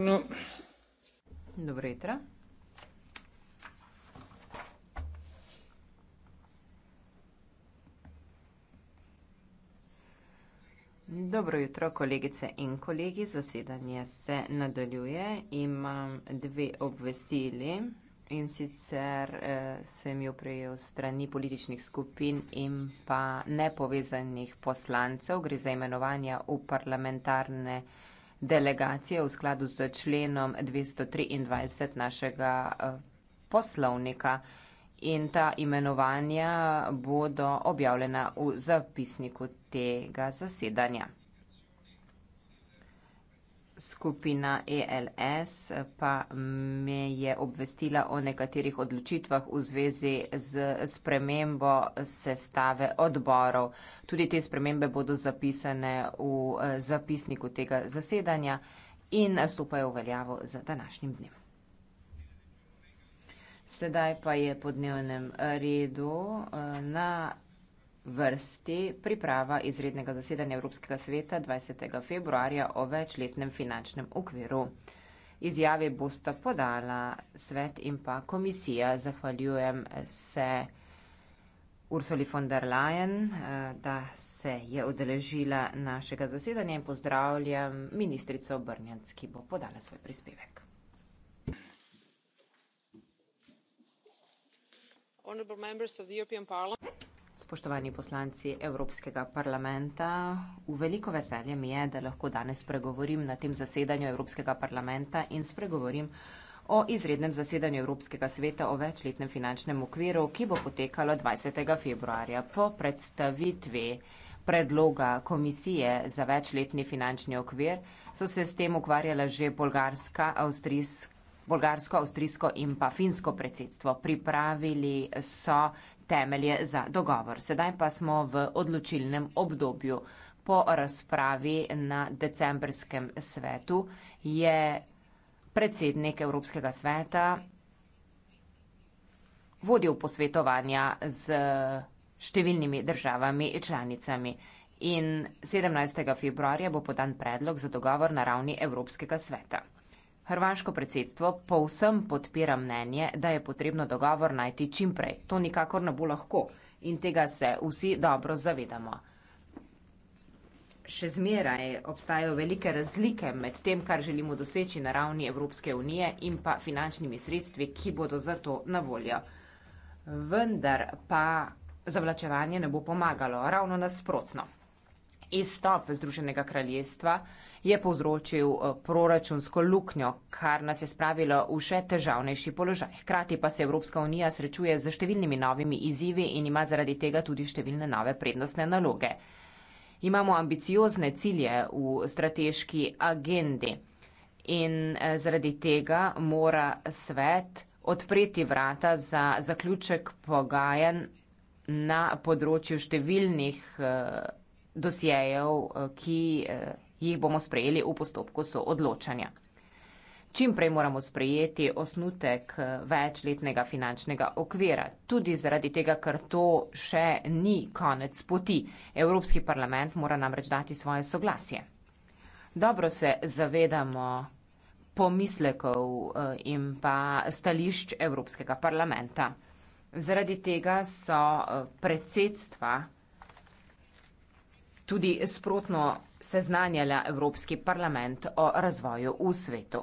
No. Dobro jutro. Dobro jutro, kolegice in kolegi. Zasedanje se nadaljuje. Imam dve obvestili in sicer eh, sem jo prejel strani političnih skupin in pa nepovezanih poslancev. Gre za imenovanja v parlamentarne delegacije v skladu z členom 223 našega eh, poslovnika in ta imenovanja bodo objavljena v zapisniku tega zasedanja skupina ELS pa me je obvestila o nekaterih odločitvah v zvezi z spremembo sestave odborov. Tudi te spremembe bodo zapisane v eh, zapisniku tega zasedanja in stopajo v veljavo za današnjim dnem. Sedaj pa je po dnevnem redu eh, na vrsti priprava izrednega zasedanja Evropskega sveta 20. februarja o večletnem finančnem okviru. Izjave bosta podala svet in pa komisija. Zahvaljujem se Ursuli von der Leyen, eh, da se je odeležila našega zasedanja in pozdravljam ministrico Brnjac, ki bo podala svoj prispevek. Spoštovani poslanci Evropskega parlamenta, v veliko veselje mi je, da lahko danes spregovorim na tem zasedanju Evropskega parlamenta in spregovorim o izrednem zasedanju Evropskega sveta o večletnem finančnem okviru, ki bo potekalo 20. februarja po predstavitvi predloga komisije za večletni finančni okvir, so se s tem ukvarjala že bolgarska, avstrijska, Bolgarsko, avstrijsko in pa finsko predsedstvo. Pripravili so temelje za dogovor. Sedaj pa smo v odločilnem obdobju. Po razpravi na decembrskem svetu je predsednik Evropskega sveta vodil posvetovanja z številnimi državami in članicami. In 17. februarja bo podan predlog za dogovor na ravni Evropskega sveta. Hrvaško predsedstvo povsem podpira mnenje, da je potrebno dogovor najti čim prej. To nikakor ne bo lahko in tega se vsi dobro zavedamo. Še zmeraj obstajajo velike razlike med tem, kar želimo doseči na ravni Evropske unije in pa finančnimi sredstvi, ki bodo za to na voljo. Vendar pa zavlačevanje ne bo pomagalo, ravno nasprotno e-stop Združenega kraljestva je povzročil eh, proračunsko luknjo, kar nas je spravilo v še težavnejši položaj. Hkrati pa se Evropska unija srečuje z številnimi novimi izzivi in ima zaradi tega tudi številne nove prednostne naloge. Imamo ambiciozne cilje v strateški agendi in eh, zaradi tega mora svet odpreti vrata za zaključek pogajanj na področju številnih eh, dosjejev, eh, ki eh, jih bomo sprejeli v postopku soodločanja. Čim prej moramo sprejeti osnutek eh, večletnega finančnega okvira, tudi zaradi tega, ker to še ni konec poti. Evropski parlament mora namreč dati svoje soglasje. Dobro se zavedamo pomislekov in pa stališč Evropskega parlamenta. Zaradi tega so predsedstva tudi sprotno seznanjala Evropski parlament o razvoju v svetu.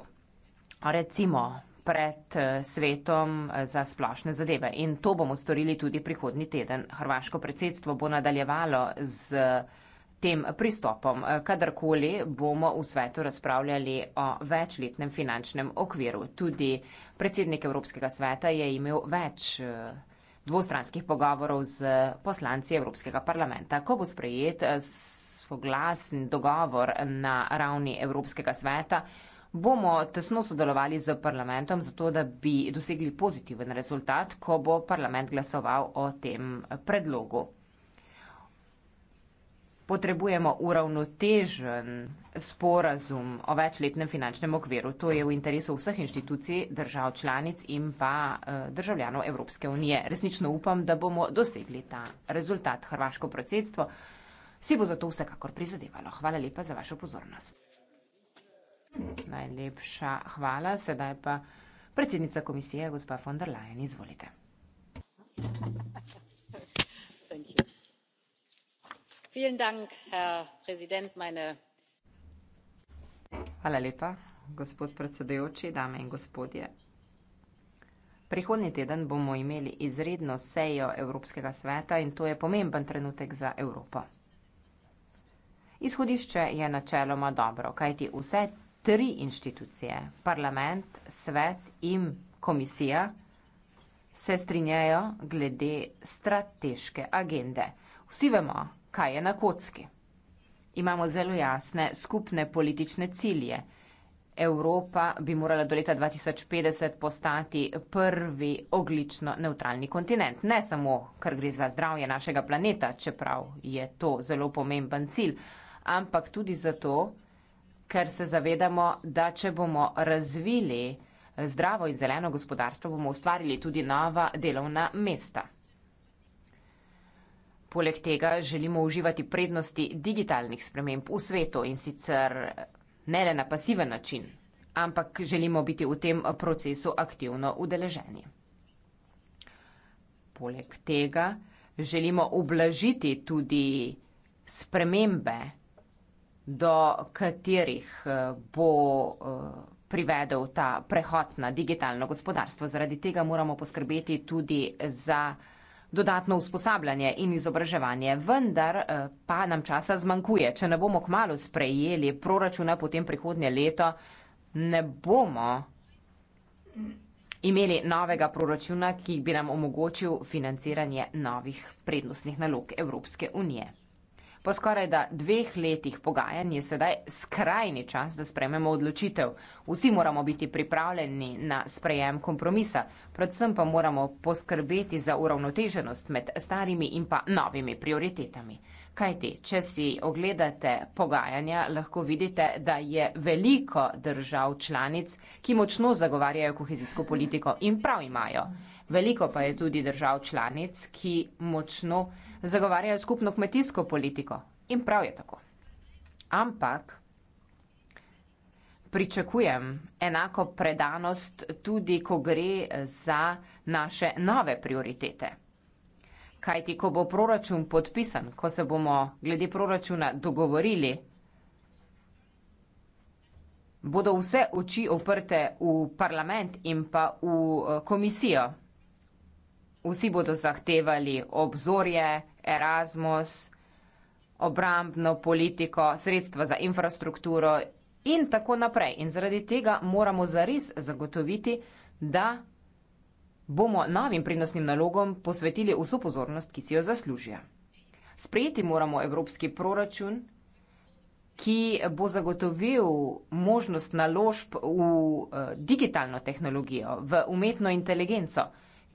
Recimo pred eh, svetom eh, za splošne zadeve. In to bomo storili tudi prihodni teden. Hrvaško predsedstvo bo nadaljevalo z eh, tem pristopom. Kadarkoli bomo v svetu razpravljali o večletnem finančnem okviru. Tudi predsednik Evropskega sveta je imel več dvostranskih pogovorov z poslanci Evropskega parlamenta. Ko bo sprejet eh, spoglasni dogovor na ravni Evropskega sveta, bomo tesno sodelovali z parlamentom, zato da bi dosegli pozitiven rezultat, ko bo parlament glasoval o tem predlogu potrebujemo uravnotežen sporazum o večletnem finančnem okviru. To je v interesu vseh inštitucij, držav članic in pa eh, državljanov Evropske unije. Resnično upam, da bomo dosegli ta rezultat. Hrvaško predsedstvo si bo za to vsekakor prizadevalo. Hvala lepa za vašo pozornost. Najlepša hvala. Sedaj pa predsednica komisije, gospa von der Leyen, izvolite. Thank you. herr präsident meine prihodnji teden bomo imeli izredno sejo evropskega sveta in to je pomemben trenutek za evropo izhodišče je načeloma dobro kajti vse tri inštitucije parlament svet in komisija se strinjajo glede strateške agende vsi vemo kaj je na kocki. Imamo zelo jasne skupne politične cilje. Evropa bi morala do leta 2050 postati prvi oglično neutralni kontinent. Ne samo, ker gre za zdravje našega planeta, čeprav je to zelo pomemben cilj, ampak tudi zato, ker se zavedamo, da če bomo razvili zdravo in zeleno gospodarstvo, bomo ustvarili tudi nova delovna mesta. Poleg tega želimo uživati prednosti digitalnih sprememb v svetu in sicer ne le na pasiven način, ampak želimo biti v tem procesu aktivno udeleženi. Poleg tega želimo ublažiti tudi spremembe, do katerih eh, bo eh, privedel ta prehod na digitalno gospodarstvo. Zaradi tega moramo poskrbeti tudi za dodatno usposabljanje in izobraževanje, vendar eh, pa nam časa zmanjkuje. Če ne bomo kmalo sprejeli proračuna potem prihodnje leto, ne bomo imeli novega proračuna, ki bi nam omogočil financiranje novih prednostnih nalog Evropske unije. Po skoraj da dveh letih pogajanj je sedaj skrajni čas, da sprejmemo odločitev. Vsi moramo biti pripravljeni na sprejem kompromisa, predvsem pa moramo poskrbeti za uravnoteženost med starimi in pa novimi prioritetami. Kajti, če si ogledate pogajanja, lahko vidite, da je veliko držav članic, ki močno zagovarjajo kohezijsko politiko in prav imajo. Veliko pa je tudi držav članic, ki močno zagovarjajo skupno kmetijsko politiko. In prav je tako. Ampak pričakujem enako predanost tudi, ko gre za naše nove prioritete. Kajti, ko bo proračun podpisan, ko se bomo glede proračuna dogovorili, bodo vse oči oprte v parlament in pa v eh, komisijo, vsi bodo zahtevali obzorje, Erasmus, obrambno politiko, sredstva za infrastrukturo in tako naprej. In zaradi tega moramo zares zagotoviti, da bomo novim prinosnim nalogom posvetili vso pozornost, ki si jo zaslužijo. Sprejeti moramo evropski proračun, ki bo zagotovil možnost naložb v eh, digitalno tehnologijo, v umetno inteligenco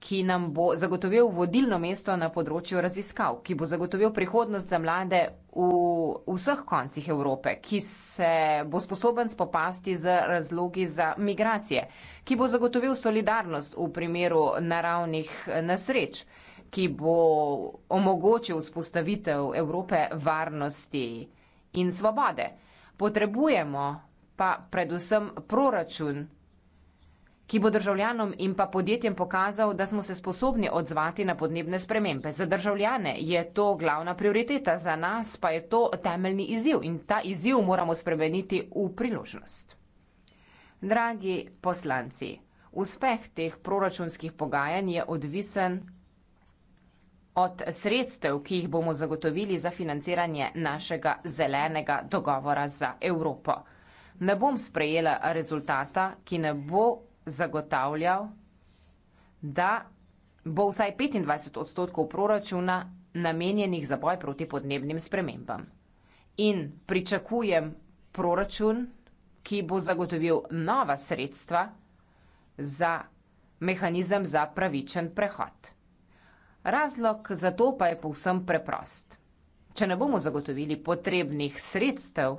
ki nam bo zagotovil vodilno mesto na področju raziskav, ki bo zagotovil prihodnost za mlade v vseh koncih Evrope, ki se bo sposoben spopasti z razlogi za migracije, ki bo zagotovil solidarnost v primeru naravnih nesreč, ki bo omogočil vzpostavitev Evrope varnosti in svobode. Potrebujemo pa predvsem proračun ki bo državljanom in pa podjetjem pokazal, da smo se sposobni odzvati na podnebne spremembe. Za državljane je to glavna prioriteta, za nas pa je to temeljni izziv in ta izziv moramo spremeniti v priložnost. Dragi poslanci, uspeh teh proračunskih pogajanj je odvisen od sredstev, ki jih bomo zagotovili za financiranje našega zelenega dogovora za Evropo. Ne bom sprejela rezultata, ki ne bo zagotavljal, da bo vsaj 25 odstotkov proračuna namenjenih za boj proti podnebnim spremembam. In pričakujem proračun, ki bo zagotovil nova sredstva za mehanizem za pravičen prehod. Razlog za to pa je povsem preprost. Če ne bomo zagotovili potrebnih sredstev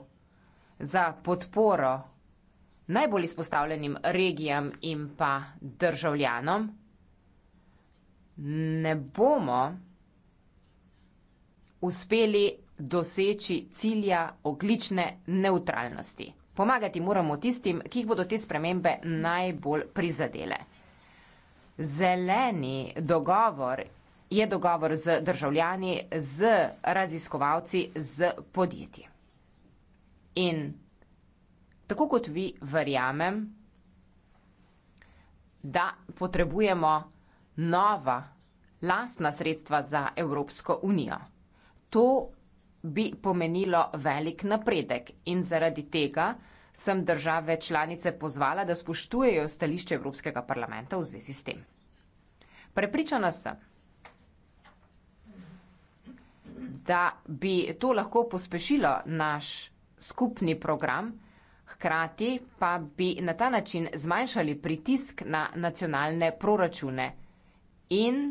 za podporo najbolj izpostavljenim regijam in pa državljanom, ne bomo uspeli doseči cilja oglične neutralnosti. Pomagati moramo tistim, ki jih bodo te spremembe najbolj prizadele. Zeleni dogovor je dogovor z državljani, z raziskovalci, z podjetji. In tako kot vi, verjamem, da potrebujemo nova lastna sredstva za Evropsko unijo. To bi pomenilo velik napredek in zaradi tega sem države članice pozvala, da spoštujejo stališče Evropskega parlamenta v zvezi s tem. Prepričana sem, da bi to lahko pospešilo naš skupni program, hkrati pa bi na ta način zmanjšali pritisk na nacionalne proračune in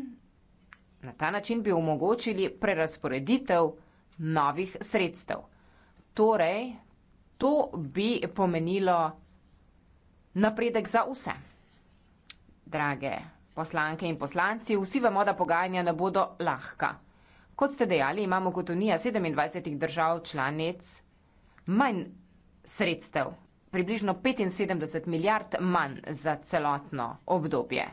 na ta način bi omogočili prerasporeditev novih sredstev. Torej, to bi pomenilo napredek za vse. Drage poslanke in poslanci, vsi vemo, da pogajanja ne bodo lahka. Kot ste dejali, imamo kot unija 27 držav članic manj sredstev, približno 75 milijard manj za celotno obdobje,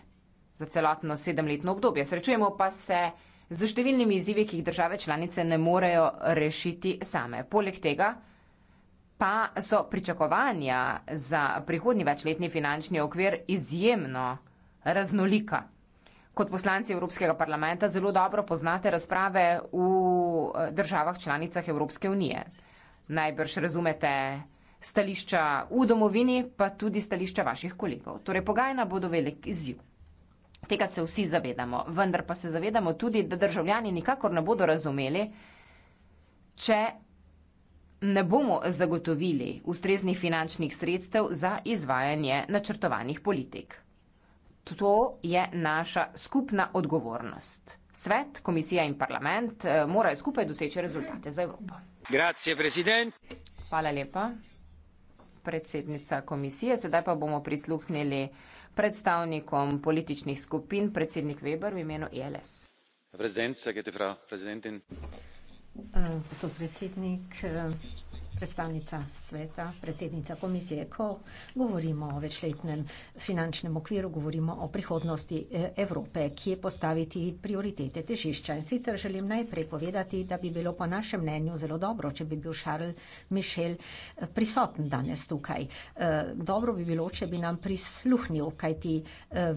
za celotno sedemletno obdobje. Srečujemo pa se z številnimi izzivi, ki jih države članice ne morejo rešiti same. Poleg tega pa so pričakovanja za prihodnji večletni finančni okvir izjemno raznolika. Kot poslanci Evropskega parlamenta zelo dobro poznate razprave v eh, državah članicah Evropske unije. Najbrž razumete stališča v domovini, pa tudi stališča vaših kolegov. Torej, pogajna bodo velik izziv. Tega se vsi zavedamo, vendar pa se zavedamo tudi, da državljani nikakor ne bodo razumeli, če ne bomo zagotovili ustreznih finančnih sredstev za izvajanje načrtovanih politik. To je naša skupna odgovornost. Svet, komisija in parlament eh, morajo skupaj doseči rezultate za Evropo. Hvala lepa predsednica komisije. Sedaj pa bomo prisluhnili predstavnikom političnih skupin, predsednik Weber v imenu ILS. E predsednica, eh, gospod predsednik. Uh, predstavnica sveta, predsednica komisije, ko govorimo o večletnem finančnem okviru, govorimo o prihodnosti e, Evrope, kje postaviti prioritete težišča. In sicer želim najprej povedati, da bi bilo po našem mnenju zelo dobro, če bi bil Charles Michel e, prisoten danes tukaj. E, dobro bi bilo, če bi nam prisluhnil, kajti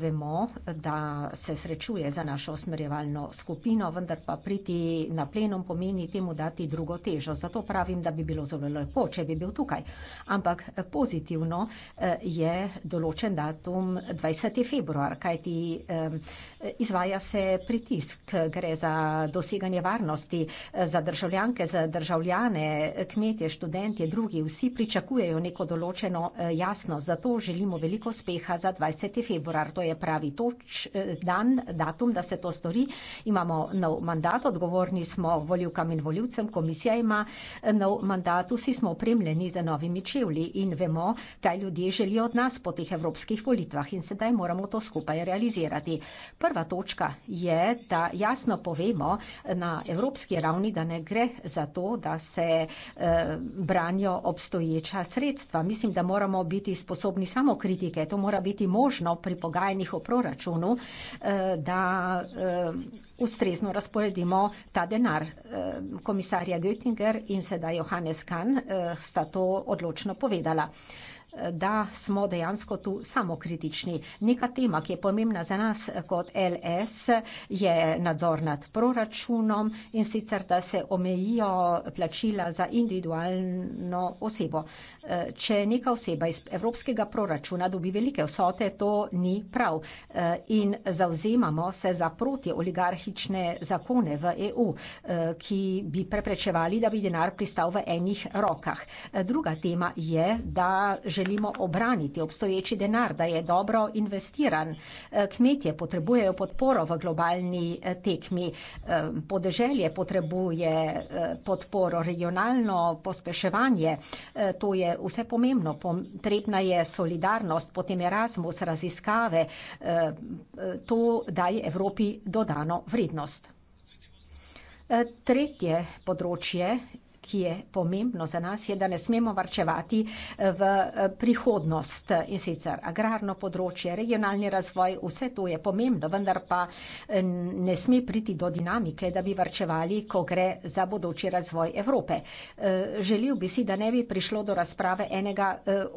vemo, da se srečuje za našo usmerjevalno skupino, vendar pa priti na plenum pomeni temu dati drugo težo. Zato pravim, da bi bilo zelo lepo, če bi bil tukaj. Ampak eh, pozitivno eh, je določen datum 20. februar, kajti eh, izvaja se pritisk, gre za doseganje varnosti za državljanke, za državljane, kmetje, študentje, drugi, vsi pričakujejo neko določeno jasnost. Zato želimo veliko uspeha za 20. februar. To je pravi toč, dan, datum, da se to stori. Imamo nov mandat, odgovorni smo voljivkam in voljivcem, komisija ima nov mandat, vsi smo opremljeni z novimi čevlji in vemo, kaj ljudje želijo od nas po teh evropskih volitvah in sedaj moramo to skupaj realizirati. Prva točka je, da jasno povemo na evropski ravni, da ne gre za to, da se eh, branijo obstoječa sredstva. Mislim, da moramo biti sposobni samo kritike. To mora biti možno pri pogajanjih o proračunu, eh, da. Eh, ustrezno razporedimo ta denar. Komisarja Göttinger in sedaj Johannes Kahn eh, sta to odločno povedala da smo dejansko tu samokritični. Neka tema, ki je pomembna za nas kot LS, je nadzor nad proračunom in sicer, da se omejijo plačila za individualno osebo. Če neka oseba iz evropskega proračuna dobi velike vsote, to ni prav. In zauzemamo se za proti oligarhične zakone v EU, ki bi preprečevali, da bi denar pristal v enih rokah. Druga tema je, da želimo želimo obraniti obstoječi denar, da je dobro investiran. E, kmetje potrebujejo podporo v globalni e, tekmi, e, podeželje potrebuje podporo, regionalno pospeševanje, to je vse pomembno. Potrebna je solidarnost, potem Erasmus, raziskave, to daje Evropi dodano vrednost. Tretje področje ki je pomembno za nas, je, da ne smemo varčevati eh, v eh, prihodnost in sicer agrarno področje, regionalni razvoj, vse to je pomembno, vendar pa eh, ne sme priti do dinamike, da bi varčevali, ko gre za bodoči razvoj Evrope. Želel bi si, da ne bi prišlo do razprave enega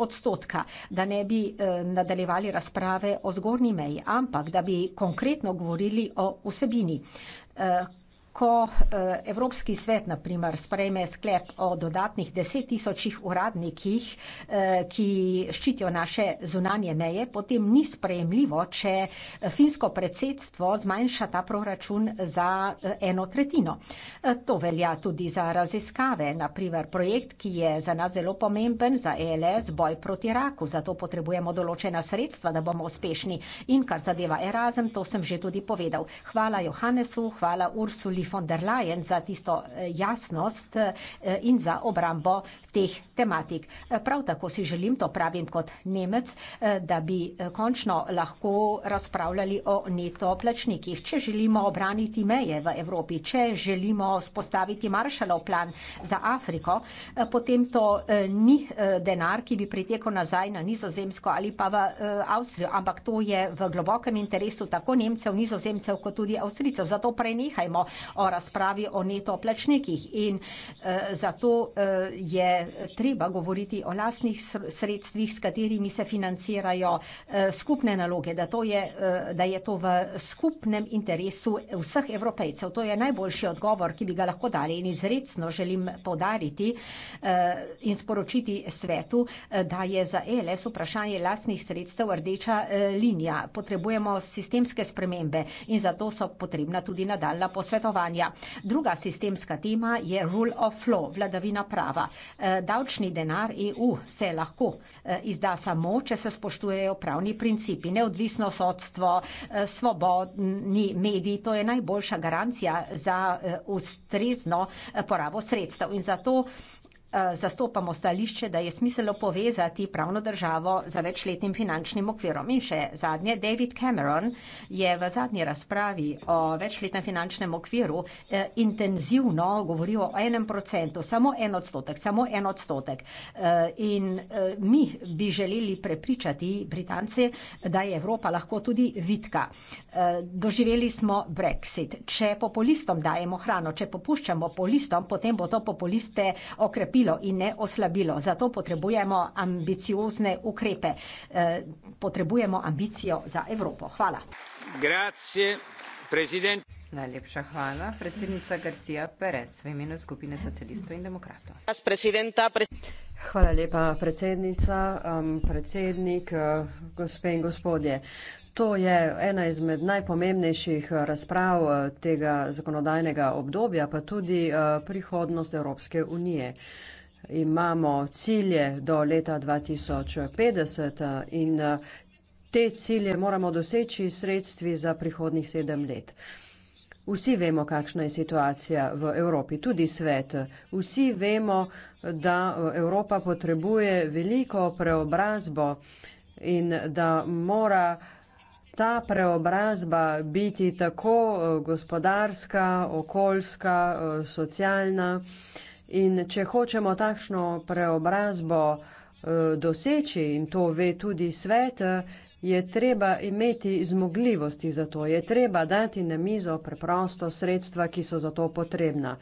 odstotka, da ne bi nadaljevali razprave o zgornji meji, ampak da bi konkretno govorili o vsebini ko eh, Evropski svet, na primer, sprejme sklep o dodatnih deset tisočih uradnikih, eh, ki ščitijo naše zunanje meje, potem ni sprejemljivo, če finsko predsedstvo zmanjša ta proračun za eh, eno tretjino. To velja tudi za raziskave, na primer projekt, ki je za nas zelo pomemben, za ELS, boj proti raku, zato potrebujemo določena sredstva, da bomo uspešni. In kar zadeva Erasm, to sem že tudi povedal. Hvala Johannesu, hvala Ursuli von der Leyen za tisto eh, jasnost eh, in za obrambo teh tematik. Eh, prav tako si želim, to pravim kot Nemec, da bi končno lahko razpravljali o neto plačnikih. Če želimo obraniti meje v Evropi, če želimo spostaviti Marshallov plan za Afriko, potem to ni denar, ki bi pritekel nazaj na nizozemsko ali pa v Avstrijo, ampak to je v globokem interesu tako Nemcev, nizozemcev kot tudi Avstrijcev. Zato prenehajmo o razpravi o neto plačnikih in eh, zato eh, je treba govoriti o lastnih sredstvih, s katerimi se financirajo eh, skupne naloge, da, to je, eh, da je to v skupnem interesu vseh evropejcev. To je najboljši odgovor, ki bi ga lahko dali in izredno želim podariti eh, in sporočiti svetu, eh, da je za ELS vprašanje lastnih sredstev rdeča eh, linija. Potrebujemo sistemske spremembe in zato so potrebna tudi nadaljna posvetovanja delovanja. Druga sistemska tema je rule of law, vladavina prava. Eh, davčni denar EU se lahko eh, izda samo, če se spoštujejo pravni principi. Neodvisno sodstvo, eh, svobodni mediji, to je najboljša garancija za ustrezno porabo sredstev. In zato Eh, zastopamo stališče, da je smiselno povezati pravno državo za večletnim finančnim okvirom. In še zadnje, David Cameron je v zadnji razpravi o večletnem finančnem okviru eh, intenzivno govoril o enem procentu, samo en odstotek, samo en odstotek. Eh, in mi bi želeli prepričati Britance, da je Evropa lahko tudi vitka. Doživeli smo Brexit. Če populistom dajemo hrano, če popuščamo populistom, potem bo to populiste okrepilo okrepilo in ne oslabilo. Zato potrebujemo ambiciozne ukrepe. Eh, potrebujemo ambicijo za Evropo. Hvala. Grazie, president. Najlepša hvala, predsednica Garcia Perez v imenu skupine socialistov in demokratov. Hvala lepa, predsednica, um, predsednik, uh, gospe in gospodje. To je ena izmed najpomembnejših razprav uh, tega zakonodajnega obdobja, pa tudi uh, prihodnost Evropske unije imamo cilje do leta 2050 eh, in eh, te cilje moramo doseči sredstvi za prihodnih sedem let. Vsi vemo, kakšna je situacija v Evropi, tudi svet. Vsi vemo, da eh, Evropa potrebuje veliko preobrazbo in da mora ta preobrazba biti tako gospodarska, okoljska, socialna. In če hočemo takšno preobrazbo eh, doseči in to ve tudi svet, eh, je treba imeti zmogljivosti za to, je treba dati na mizo preprosto sredstva, ki so za to potrebna.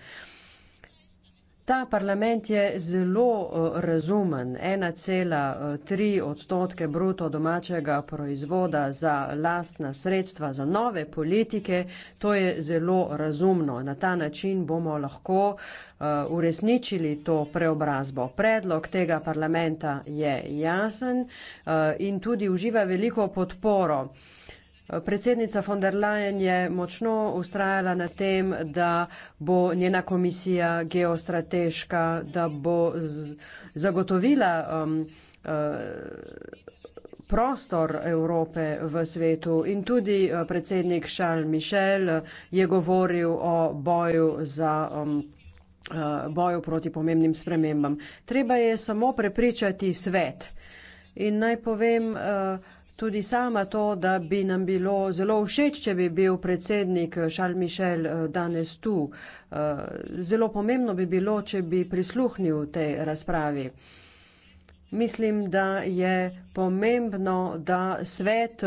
Ta parlament je zelo eh, razumen. 1,3 eh, odstotke bruto domačega proizvoda za lastna sredstva, za nove politike, to je zelo razumno. Na ta način bomo lahko eh, uresničili to preobrazbo. Predlog tega parlamenta je jasen in tudi uživa veliko podporo. Predsednica von der Leyen je močno ustrajala na tem, da bo njena komisija geostrateška, da bo zagotovila um, uh, prostor Evrope v svetu in tudi uh, predsednik Charles Michel uh, je govoril o boju za. Um, uh, boju proti pomembnim spremembam. Treba je samo prepričati svet. In naj povem, uh, Tudi sama to, da bi nam bilo zelo všeč, če bi bil predsednik eh, Charles Michel eh, danes tu. Eh, zelo pomembno bi bilo, če bi prisluhnil tej razpravi. Mislim, da je pomembno, da svet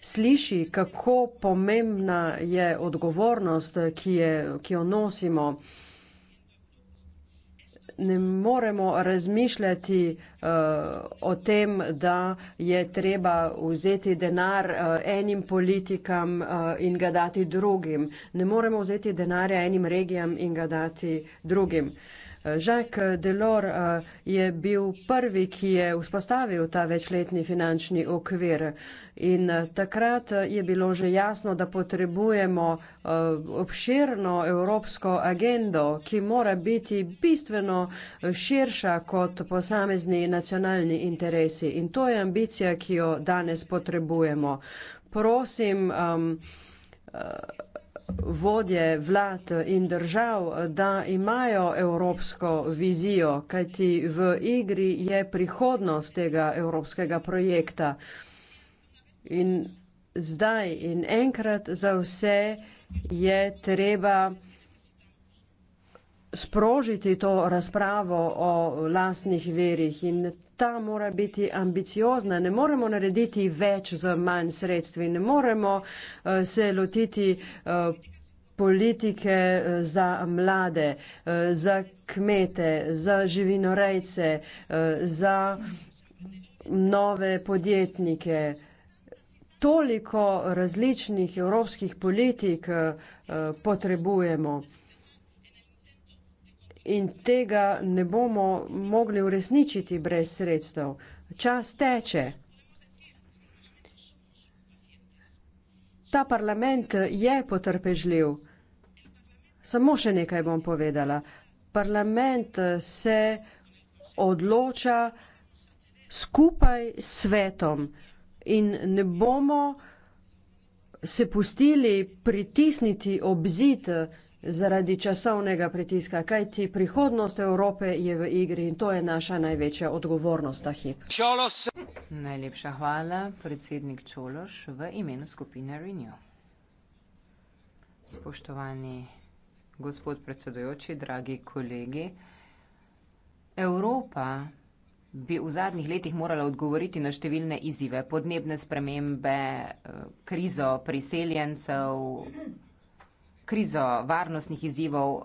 sliši, kako pomembna je odgovornost, ki, je, ki jo nosimo ne moremo razmišljati uh, o tem, da je treba vzeti denar uh, enim politikam uh, in ga dati drugim. Ne moremo vzeti denarja enim regijam in ga dati drugim. Uh, Jacques Delors eh, je bil prvi, ki je vzpostavil ta večletni finančni okvir. In eh, takrat je bilo že jasno, da potrebujemo eh, obširno evropsko agendo, ki mora biti bistveno širša kot posamezni nacionalni interesi. In to je ambicija, ki jo danes potrebujemo. Prosim, um, vodje vlad in držav, da imajo evropsko vizijo, kajti v igri je prihodnost tega evropskega projekta. In zdaj in enkrat za vse je treba sprožiti to razpravo o lastnih verjih in ta mora biti ambiciozna. Ne moremo narediti več za manj sredstvi, ne moremo eh, se lotiti eh, politike eh, za mlade, za kmete, za živinorejce, za nove podjetnike. Toliko različnih evropskih politik potrebujemo in tega ne bomo mogli uresničiti brez sredstev. Čas teče. Ta parlament je potrpežljiv. Samo še nekaj bom povedala. Parlament se odloča skupaj s svetom in ne bomo se pustili pritisniti ob zid zaradi časovnega pritiska, kajti prihodnost Evrope je v igri in to je naša največja odgovornost ta hip. Čolos. Najlepša hvala, predsednik Čološ, v imenu skupine Renew. Spoštovani gospod predsedujoči, dragi kolegi, Evropa bi v zadnjih letih morala odgovoriti na številne izzive, podnebne spremembe, eh, krizo priseljencev, krizo varnostnih izzivov.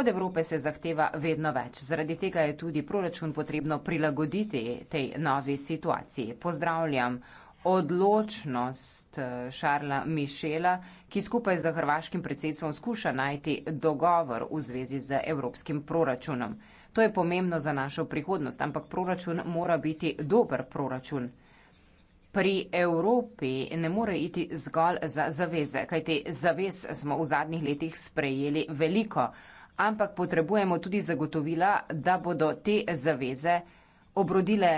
Od Evrope se zahteva vedno več. Zaradi tega je tudi proračun potrebno prilagoditi tej novi situaciji. Pozdravljam odločnost eh, Šarla Mišela, ki skupaj z hrvaškim predsedstvom skuša najti dogovor v zvezi z evropskim proračunom. To je pomembno za našo prihodnost, ampak proračun mora biti dober proračun pri Evropi ne more iti zgolj za zaveze, kajti zavez smo v zadnjih letih sprejeli veliko, ampak potrebujemo tudi zagotovila, da bodo te zaveze obrodile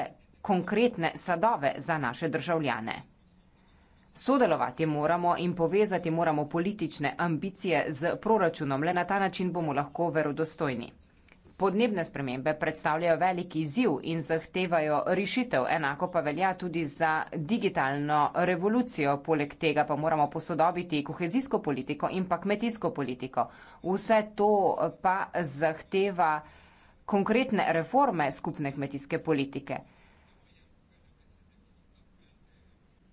konkretne sadove za naše državljane. Sodelovati moramo in povezati moramo politične ambicije z proračunom, le na ta način bomo lahko verodostojni. Podnebne spremembe predstavljajo veliki izziv in zahtevajo rešitev, enako pa velja tudi za digitalno revolucijo. Poleg tega pa moramo posodobiti kohezijsko politiko in pa kmetijsko politiko. Vse to pa zahteva konkretne reforme skupne kmetijske politike.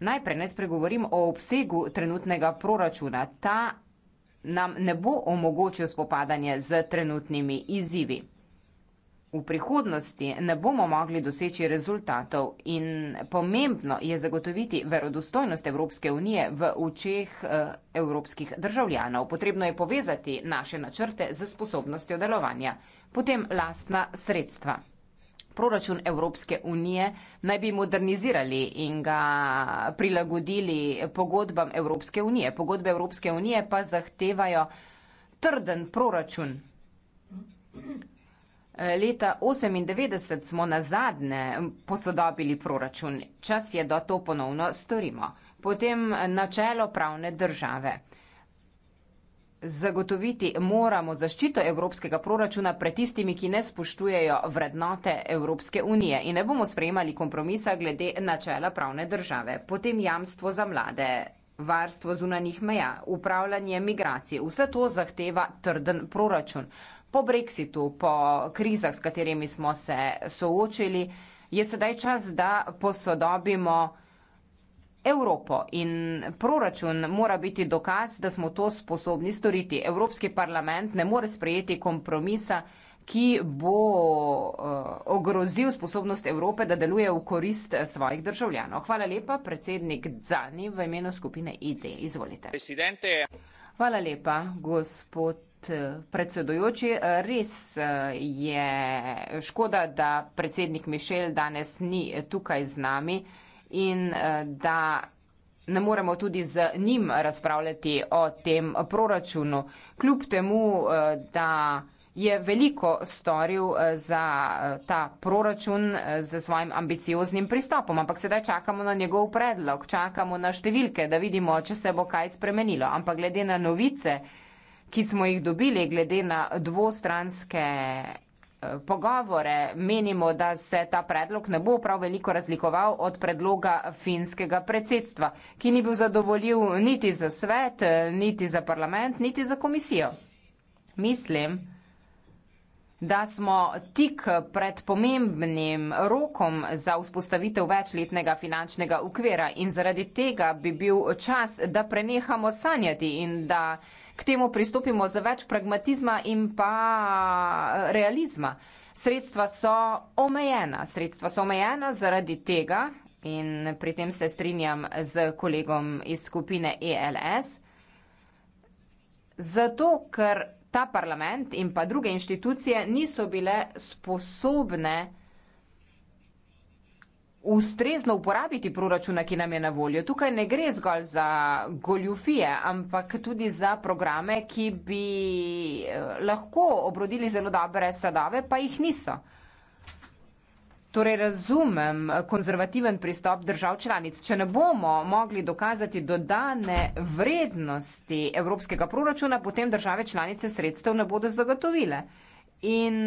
Najprej naj spregovorim o obsegu trenutnega proračuna. Ta nam ne bo omogočil spopadanje z trenutnimi izzivi. V prihodnosti ne bomo mogli doseči rezultatov in pomembno je zagotoviti verodostojnost Evropske unije v učeh eh, evropskih državljanov. Potrebno je povezati naše načrte z sposobnostjo delovanja, potem lastna sredstva. Proračun Evropske unije naj bi modernizirali in ga prilagodili pogodbam Evropske unije. Pogodbe Evropske unije pa zahtevajo trden proračun Leta 1998 smo na zadnje posodobili proračun. Čas je, da to ponovno storimo. Potem načelo pravne države. Zagotoviti moramo zaščito evropskega proračuna pred tistimi, ki ne spoštujejo vrednote Evropske unije in ne bomo sprejemali kompromisa glede načela pravne države. Potem jamstvo za mlade, varstvo zunanih meja, upravljanje migracij. Vse to zahteva trden proračun po brexitu, po krizah, s katerimi smo se soočili, je sedaj čas, da posodobimo Evropo in proračun mora biti dokaz, da smo to sposobni storiti. Evropski parlament ne more sprejeti kompromisa, ki bo uh, ogrozil sposobnost Evrope, da deluje v korist eh, svojih državljanov. Hvala lepa, predsednik Dzani, v imenu skupine ID. Izvolite. Presidente. Hvala lepa, gospod Eh, predsedujoči. Eh, res eh, je škoda, da predsednik Mišel danes ni tukaj z nami in da ne moremo tudi z njim razpravljati o tem proračunu. Kljub temu, da je veliko storil za ta proračun z svojim ambicioznim pristopom, ampak sedaj čakamo na njegov predlog, čakamo na številke, da vidimo, če se bo kaj spremenilo. Ampak glede na novice, ki smo jih dobili glede na dvostranske eh, pogovore, menimo, da se ta predlog ne bo prav veliko razlikoval od predloga finskega predsedstva, ki ni bil zadovoljiv niti za svet, eh, niti za parlament, niti za komisijo. Mislim, da smo tik pred pomembnim rokom za vzpostavitev večletnega finančnega ukvera in zaradi tega bi bil čas, da prenehamo sanjati in da k temu pristopimo za več pragmatizma in pa eh, realizma. Sredstva so omejena, sredstva so omejena zaradi tega in pri tem se strinjam z kolegom iz skupine ELS, zato ker ta parlament in pa druge inštitucije niso bile sposobne ustrezno uporabiti proračuna, ki nam je na voljo. Tukaj ne gre zgolj za goljufije, ampak tudi za programe, ki bi eh, lahko obrodili zelo dobre sadave, pa jih niso. Torej razumem eh, konzervativen pristop držav članic. Če ne bomo mogli dokazati dodane vrednosti evropskega proračuna, potem države članice sredstev ne bodo zagotovile. In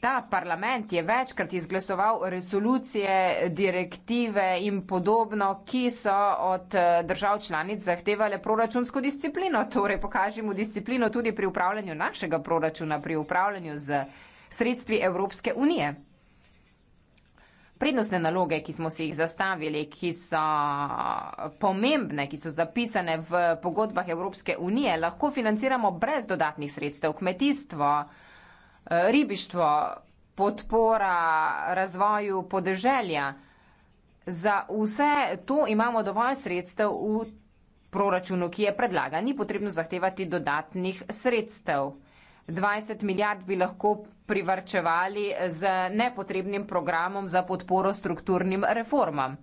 ta parlament je večkrat izglasoval resolucije, direktive in podobno, ki so od eh, držav članic zahtevale proračunsko disciplino. Torej pokažimo disciplino tudi pri upravljanju našega proračuna, pri upravljanju z sredstvi Evropske unije. Prednostne naloge, ki smo si jih zastavili, ki so pomembne, ki so zapisane v pogodbah Evropske unije, lahko financiramo brez dodatnih sredstev. Kmetijstvo, ribištvo, podpora razvoju podeželja. Za vse to imamo dovolj sredstev v proračunu, ki je predlagan. Ni potrebno zahtevati dodatnih sredstev. 20 milijard bi lahko privrčevali z nepotrebnim programom za podporo strukturnim reformam.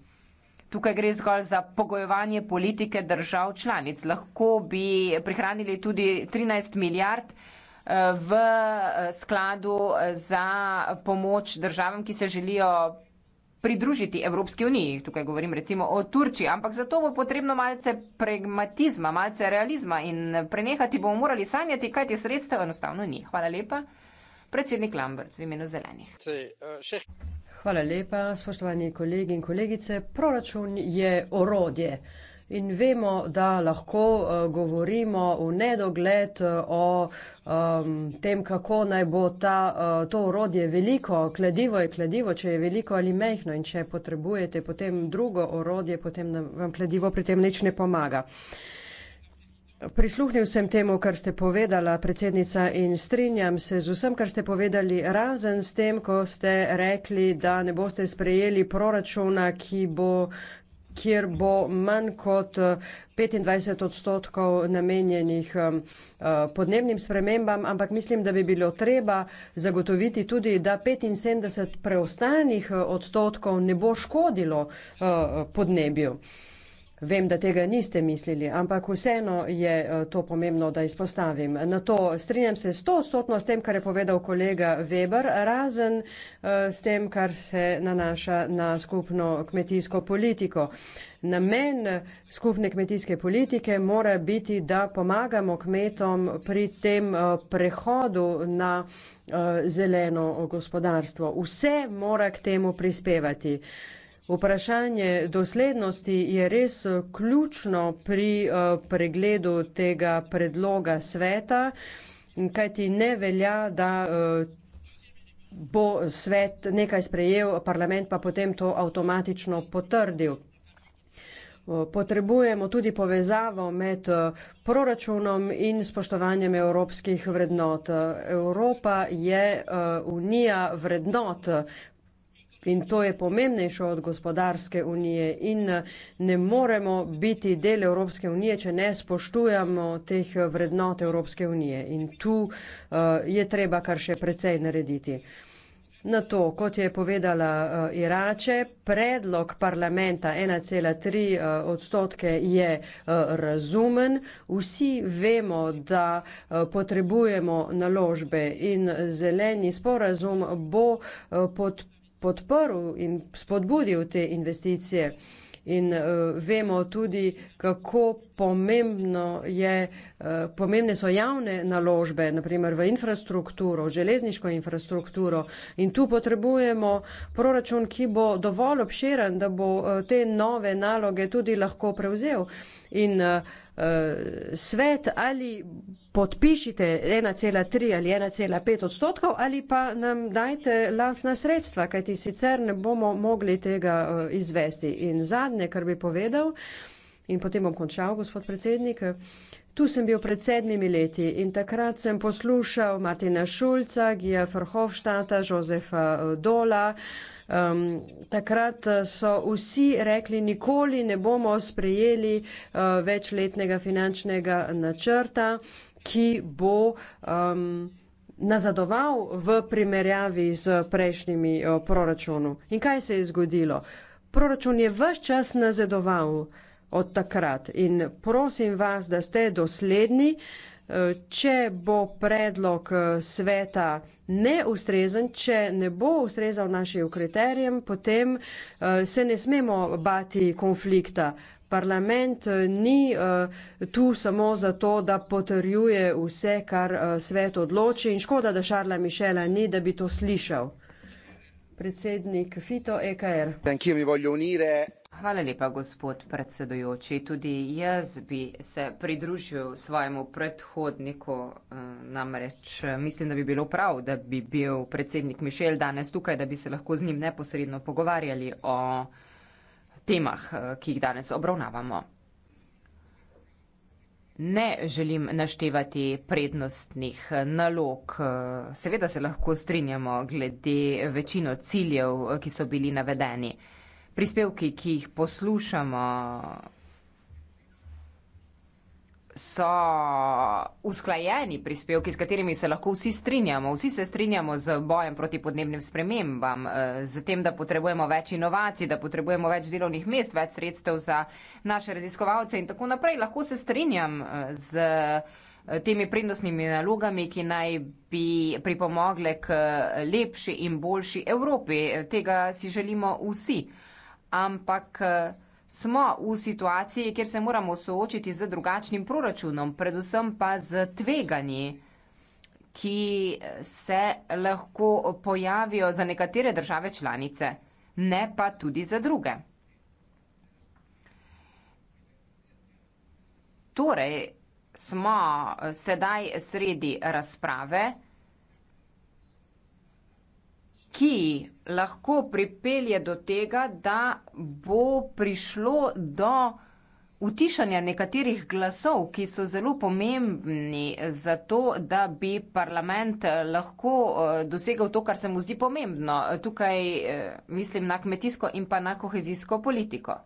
Tukaj gre zgolj za pogojevanje politike držav članic. Lahko bi prihranili tudi 13 milijard eh, v eh, skladu eh, za pomoč državam, ki se želijo pridružiti Evropski uniji. Tukaj govorim recimo o Turčiji, ampak za to bo potrebno malce pragmatizma, malce realizma in prenehati bomo morali sanjati, kaj ti sredstev enostavno ni. Hvala lepa. Predsednik Lambert v imenu zelenih. Hvala lepa, spoštovani kolegi in kolegice. Proračun je orodje. In vemo, da lahko uh, govorimo v nedogled uh, o um, tem, kako naj bo ta, uh, to orodje veliko, kladivo je kladivo, če je veliko ali mehno in če potrebujete potem drugo orodje, potem vam kladivo pri tem nič ne pomaga. Prisluhnil sem temu, kar ste povedala, predsednica, in strinjam se z vsem, kar ste povedali, razen s tem, ko ste rekli, da ne boste sprejeli proračuna, ki bo kjer bo manj kot 25 eh, odstotkov namenjenih eh, podnebnim spremembam, ampak mislim, da bi bilo treba zagotoviti tudi, da 75 preostalnih eh, odstotkov ne bo škodilo podnebju. Vem, da tega niste mislili, ampak vseeno je eh, to pomembno, da izpostavim. Na to strinjam se stotno s tem, kar je povedal kolega Weber, razen eh, s tem, kar se nanaša na skupno kmetijsko politiko. Namen eh, skupne kmetijske politike mora biti, da pomagamo kmetom pri tem prehodu na zeleno gospodarstvo. Vse mora k temu prispevati. Vprašanje doslednosti je res ključno pri eh, pregledu tega predloga sveta, kajti ne velja, da eh, bo svet nekaj sprejel, parlament pa potem to avtomatično potrdil. Potrebujemo tudi povezavo med eh, proračunom in spoštovanjem evropskih vrednot. Evropa je unija vrednot, in to je pomembnejše od gospodarske unije in eh, ne moremo biti del Evropske unije, če ne spoštujemo teh eh, vrednot Evropske unije in tu eh, je treba kar še precej narediti. Na to, kot je povedala Irače, predlog parlamenta 1,3 odstotke je razumen. Vsi vemo, da potrebujemo naložbe in zeleni sporazum bo podprl podporil in spodbudil te investicije. In uh, vemo tudi, kako je, uh, pomembne so javne naložbe, naprimer v infrastrukturo, železniško infrastrukturo. In tu potrebujemo proračun, ki bo dovolj obširen, da bo uh, te nove naloge tudi lahko prevzel. In, uh, Eh, svet ali podpišite 1,3 ali 1,5 odstotkov ali pa nam dajte lasna sredstva, kajti sicer ne bomo mogli tega eh, izvesti. In zadnje, kar bi povedal, in potem bom končal, gospod predsednik, tu sem bil pred sedmimi leti in takrat sem poslušal Martina Šulca, Gija Frhofštata, Žozefa eh, Dola, Um, takrat eh, so vsi rekli, nikoli ne bomo sprejeli uh, večletnega finančnega načrta, ki bo um, nazadoval v primerjavi z prejšnjimi uh, eh, proračunom. In kaj se je zgodilo? Proračun je vse čas nazadoval od takrat in prosim vas, da ste dosledni. Uh, če bo predlog eh, sveta neustrezen, če ne bo ustrezal našim kriterijem, potem eh, se ne smemo bati konflikta. Parlament eh, ni tu samo zato, da potrjuje vse, kar svet odloči in škoda, da Šarla Mišela ni, da bi to slišal. Predsednik Fito EKR. Hvala lepa, gospod predsedujoči. Tudi jaz bi se pridružil svojemu predhodniku, eh, namreč eh, mislim, da bi bilo prav, da bi bil predsednik Mišel danes tukaj, da bi se lahko z njim neposredno pogovarjali o temah, eh, ki jih danes obravnavamo. Ne želim naštevati prednostnih nalog. Seveda se lahko strinjamo glede večino ciljev, ki so bili navedeni prispevki, ki jih poslušamo, so usklajeni prispevki, s katerimi se lahko vsi strinjamo. Vsi se strinjamo z bojem proti podnebnim spremembam, eh, z tem, da potrebujemo več inovacij, da potrebujemo več delovnih mest, več sredstev za naše raziskovalce in tako naprej. Lahko se strinjam eh, z eh, temi prednostnimi nalogami, ki naj bi pripomogle k lepši in boljši Evropi. Tega si želimo vsi ampak eh, smo v situaciji, kjer se moramo soočiti z drugačnim proračunom, predvsem pa z tveganji, ki eh, se lahko pojavijo za nekatere države članice, ne pa tudi za druge. Torej, smo eh, sedaj sredi razprave ki lahko pripelje do tega, da bo prišlo do utišanja nekaterih glasov, ki so zelo pomembni za to, da bi parlament eh, lahko eh, dosegal to, kar se mu zdi pomembno. Tukaj eh, mislim na kmetijsko in pa na kohezijsko politiko.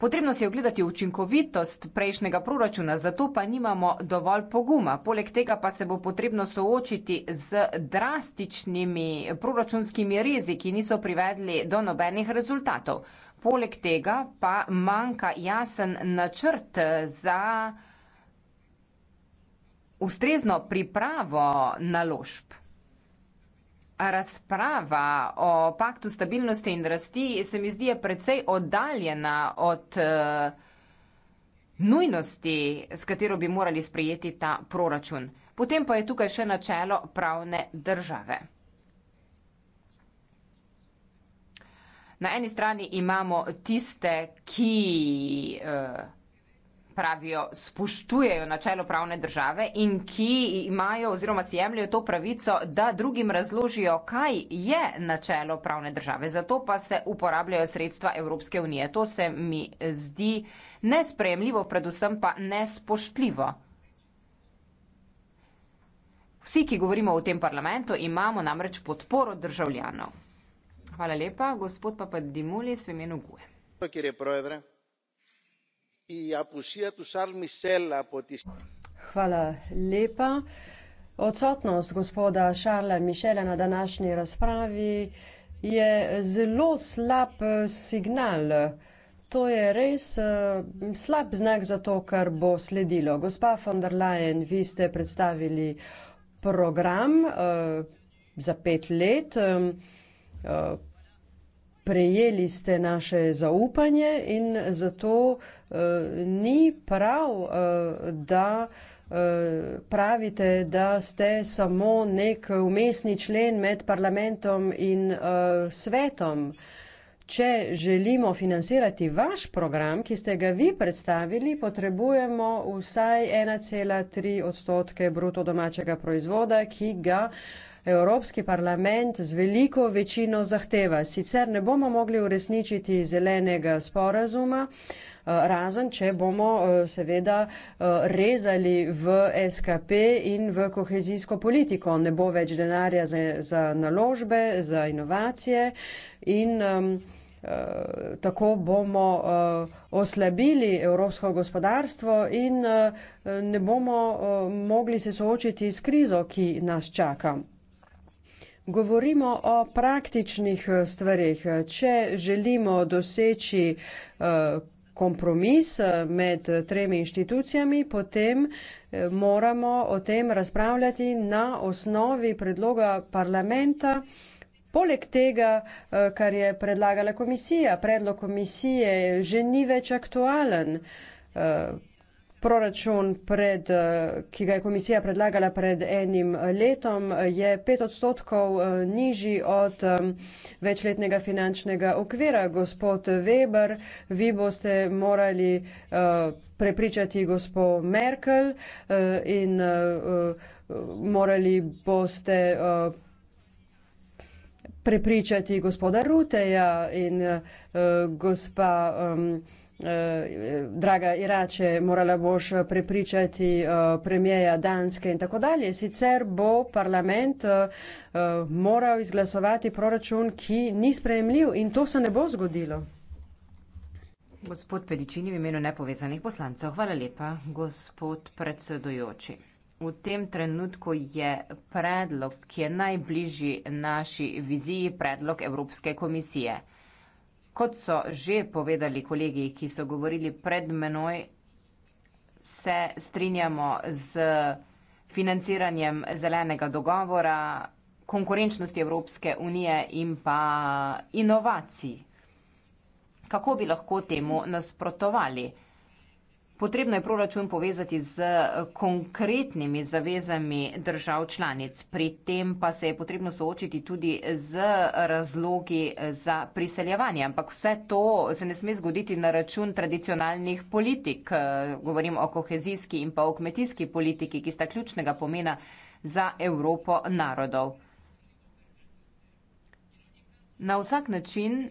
Potrebno se je ogledati učinkovitost prejšnjega proračuna, zato pa nimamo dovolj poguma. Poleg tega pa se bo potrebno soočiti z drastičnimi proračunskimi rezi, ki niso privedli do nobenih rezultatov. Poleg tega pa manjka jasen načrt za ustrezno pripravo naložb. Razprava o paktu stabilnosti in rasti se mi zdi precej oddaljena od eh, nujnosti, s katero bi morali sprejeti ta proračun. Potem pa je tukaj še načelo pravne države. Na eni strani imamo tiste, ki uh, pravijo, spoštujejo načelo pravne države in ki imajo oziroma si jemljajo to pravico, da drugim razložijo, kaj je načelo pravne države. Zato pa se uporabljajo sredstva Evropske unije. To se mi zdi nesprejemljivo, predvsem pa nespoštljivo. Vsi, ki govorimo v tem parlamentu, imamo namreč podporo državljanov. Hvala lepa, gospod Papadimuli, s imenom Guje. Hvala lepa. Odsotnost gospoda Charlesa Michela na današnji razpravi je zelo slab eh, signal. To je res eh, slab znak za to, kar bo sledilo. Gospa von der Leyen, vi ste predstavili program eh, za pet let prejeli ste naše zaupanje in zato eh, ni prav, eh, da eh, pravite, da ste samo nek umestni člen med parlamentom in eh, svetom. Če želimo financirati vaš program, ki ste ga vi predstavili, potrebujemo vsaj 1,3 odstotke bruto domačega proizvoda, ki ga eh, Evropski parlament z veliko večino zahteva. Sicer ne bomo mogli uresničiti zelenega sporazuma, eh, razen če bomo eh, seveda eh, rezali v SKP in v kohezijsko politiko. Ne bo več denarja za, za naložbe, za inovacije in tako bomo oslabili evropsko gospodarstvo in ne bomo mogli se soočiti s krizo, ki nas čaka. Govorimo o praktičnih eh, stvarih. Če želimo doseči eh, kompromis eh, med tremi inštitucijami, potem moramo o tem razpravljati na osnovi predloga parlamenta. Poleg tega, kar je predlagala komisija, predlog komisije že ni več aktualen proračun, pred, eh, ki ga je komisija predlagala pred enim eh, letom, je pet odstotkov eh, nižji od večletnega finančnega okvira. Gospod Weber, vi boste morali prepričati gospod Merkel in morali boste prepričati gospoda Ruteja in gospa Eh, draga Irače, morala boš eh, prepričati eh, premijeja Danske in tako dalje. Sicer bo parlament moral izglasovati proračun, ki ni sprejemljiv in to se ne bo zgodilo. Gospod Pedičini v imenu nepovezanih poslancev, hvala lepa, gospod predsedujoči. V tem trenutku je predlog, ki je najbližji naši viziji, predlog Evropske komisije. Kot so že povedali kolegi, ki so govorili pred menoj, se strinjamo z financiranjem zelenega dogovora, konkurenčnosti Evropske unije in pa inovacij. Kako bi lahko temu nasprotovali? Potrebno je proračun povezati z eh, konkretnimi zavezami držav članic. Pri tem pa se je potrebno soočiti tudi z eh, razlogi eh, za priseljevanje. Ampak vse to se ne sme zgoditi na račun tradicionalnih politik. Govorim o kohezijski in pa o kmetijski politiki, ki sta ključnega pomena za Evropo narodov. Na vsak način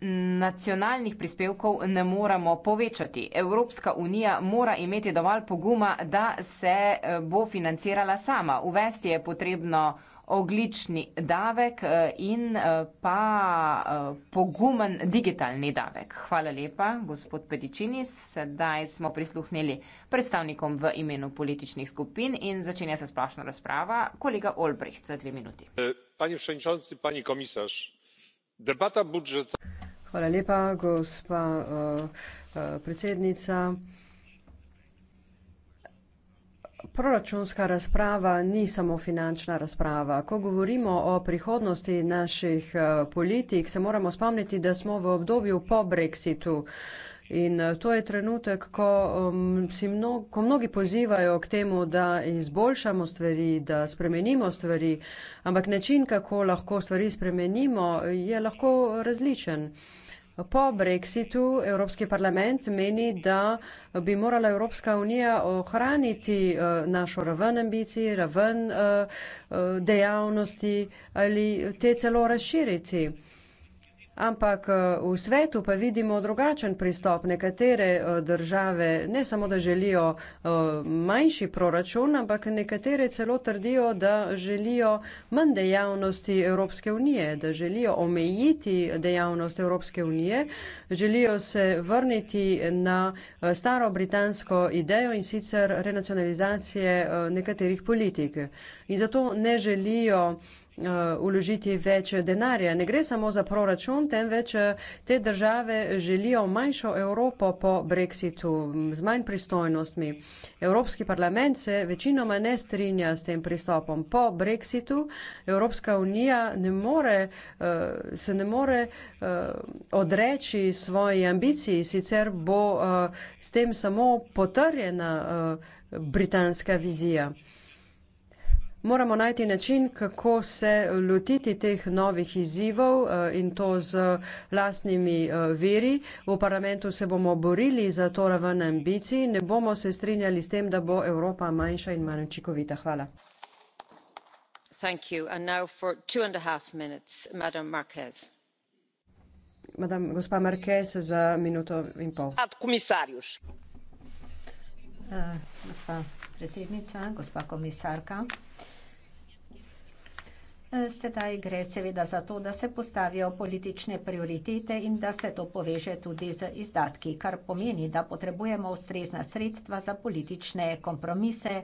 nacionalnih prispevkov ne moramo povečati. Evropska unija mora imeti dovolj poguma, da se eh, bo financirala sama. Uvesti je potrebno oglični davek eh, in eh, pa pogumen digitalni davek. Hvala lepa, gospod Pedičini. Sedaj smo prisluhnili predstavnikom v imenu političnih skupin in začenja se splošna razprava. Kolega Olbricht, za dve minuti. Pani predsednica, pani komisar, debata budžetna. Hvala lepa, gospa uh, uh, predsednica. Proračunska razprava ni samo finančna razprava. Ko govorimo o prihodnosti naših uh, politik, se moramo spomniti, da smo v obdobju po brexitu. Uh, In eh, to je trenutek, ko, um, mnogi, ko mnogi pozivajo k temu, da izboljšamo stvari, da spremenimo stvari, ampak način, kako lahko stvari spremenimo, je lahko različen. Po brexitu Evropski parlament meni, da bi morala Evropska unija ohraniti eh, našo raven ambicij, raven eh, dejavnosti ali te celo razširiti. Ampak eh, v svetu pa vidimo drugačen pristop. Nekatere eh, države ne samo, da želijo eh, manjši proračun, ampak nekatere celo trdijo, da želijo manj dejavnosti Evropske unije, da želijo omejiti dejavnost Evropske unije, želijo se vrniti na staro britansko idejo in sicer renacionalizacije nekaterih politik. In zato ne želijo Eh, uložiti več denarja. Ne gre samo za proračun, temveč eh, te države želijo manjšo Evropo po brexitu z manj pristojnostmi. Evropski parlament se večinoma ne strinja s tem pristopom. Po brexitu Evropska unija ne more, eh, se ne more odreči svoji ambiciji, sicer bo s tem samo potrjena britanska vizija moramo najti način, kako se lotiti teh novih izzivov eh, in to z eh, lastnimi eh, veri. V parlamentu se bomo borili za to raven ambicij, ne bomo se strinjali s tem, da bo Evropa manjša in manj učinkovita. Hvala. Gospa Marquez za minuto in pol gospa predsednica, gospa komisarka. Eh, sedaj gre seveda za to, da se postavijo politične prioritete in da se to poveže tudi z izdatki, kar pomeni, da potrebujemo ustrezna sredstva za politične kompromise,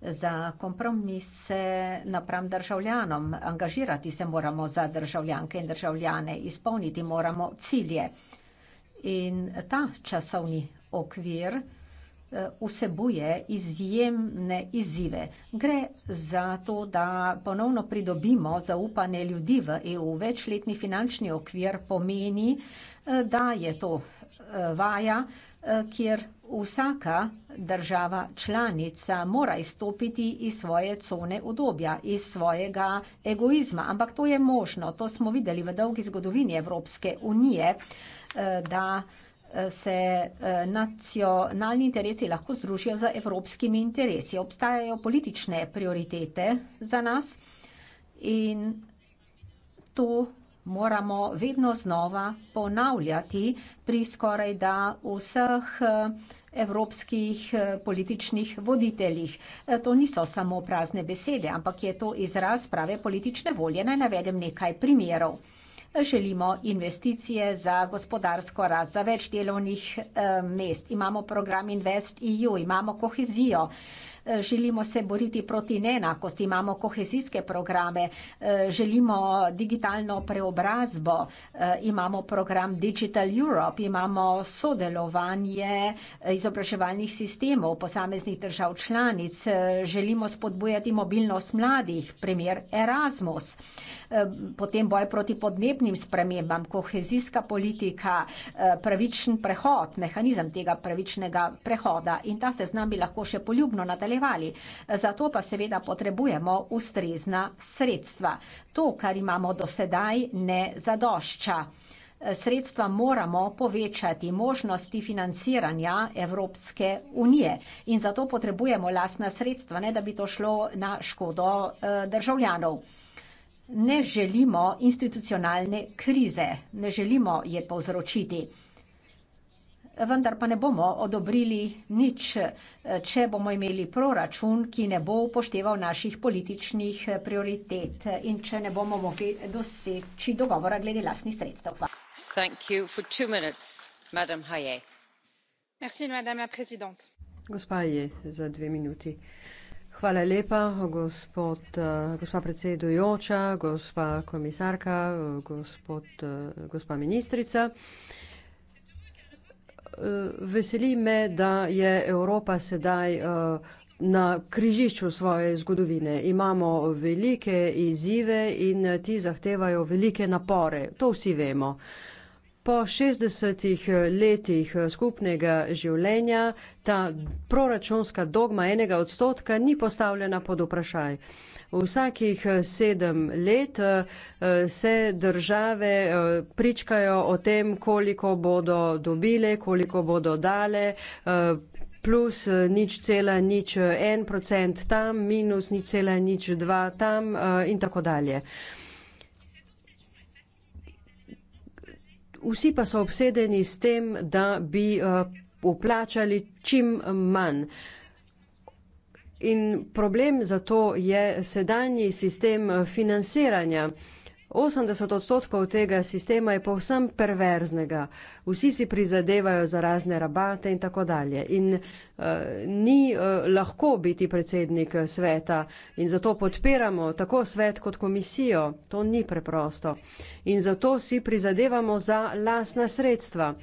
za kompromise napram državljanom. Angažirati se moramo za državljanke in državljane, izpolniti moramo cilje. In ta časovni okvir, vsebuje izjemne izzive. Gre za to, da ponovno pridobimo zaupanje ljudi v EU. Večletni finančni okvir pomeni, eh, da je to eh, vaja, eh, kjer vsaka država članica mora izstopiti iz svoje cone udobja, iz svojega egoizma. Ampak to je možno. To smo videli v dolgi zgodovini Evropske unije, da se eh, nacionalni interesi lahko združijo z evropskimi interesi. Obstajajo politične prioritete za nas in to moramo vedno znova ponavljati pri skoraj da vseh eh, evropskih eh, političnih voditeljih. To niso samo prazne besede, ampak je to izraz prave politične volje. Naj navedem nekaj primerov želimo investicije za gospodarsko rast, za več delovnih eh, mest. Imamo program Invest EU, imamo kohezijo. Eh, želimo se boriti proti nenakosti, imamo kohezijske programe, eh, želimo digitalno preobrazbo, eh, imamo program Digital Europe, imamo sodelovanje izobraževalnih sistemov posameznih držav članic, želimo spodbujati mobilnost mladih, primer Erasmus, potem boj proti podnebnim spremembam, kohezijska politika, pravičen prehod, mehanizem tega pravičnega prehoda in ta seznam bi lahko še poljubno nadaljeval nadaljevali. Zato pa seveda potrebujemo ustrezna sredstva. To, kar imamo do sedaj, ne zadošča. Sredstva moramo povečati možnosti financiranja Evropske unije in zato potrebujemo lasna sredstva, ne da bi to šlo na škodo eh, državljanov. Ne želimo institucionalne krize, ne želimo je povzročiti vendar pa ne bomo odobrili nič, če bomo imeli proračun, ki ne bo upošteval naših političnih prioritet in če ne bomo mogli doseči dogovora glede lastnih sredstev. Hvala lepa, gospod, gospa predsedujoča, gospa komisarka, gospod, gospa ministrica. Eh, veseli me, da je Evropa sedaj eh, na križišču svoje zgodovine. Imamo velike izzive in ti zahtevajo velike napore. To vsi vemo. Po 60 eh, letih eh, skupnega življenja ta proračunska dogma enega odstotka ni postavljena pod vprašaj. Vsakih eh, sedem let se države pričkajo o tem, koliko bodo dobile, koliko bodo dale, plus nič cela nič en procent tam, minus nič cela nič dva tam in tako dalje. vsi pa so obsedeni s tem, da bi uplačali eh, čim manj. In problem za to je sedanji sistem financiranja. 80 odstotkov tega sistema je povsem perverznega. Vsi si prizadevajo za razne rabate in tako dalje. In uh, ni uh, lahko biti predsednik eh, sveta in zato podpiramo tako svet kot komisijo. To ni preprosto. In zato si prizadevamo za lasna sredstva.